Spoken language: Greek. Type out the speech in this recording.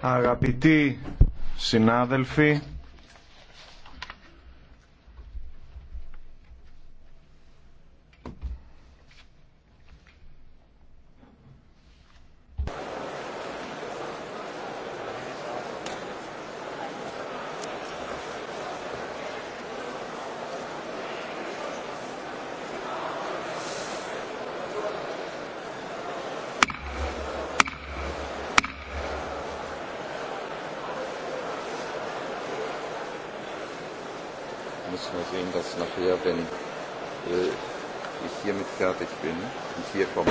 Αγαπητοί συνάδελφοι, müssen wir sehen, dass nachher, wenn ich hiermit fertig bin und hier komme.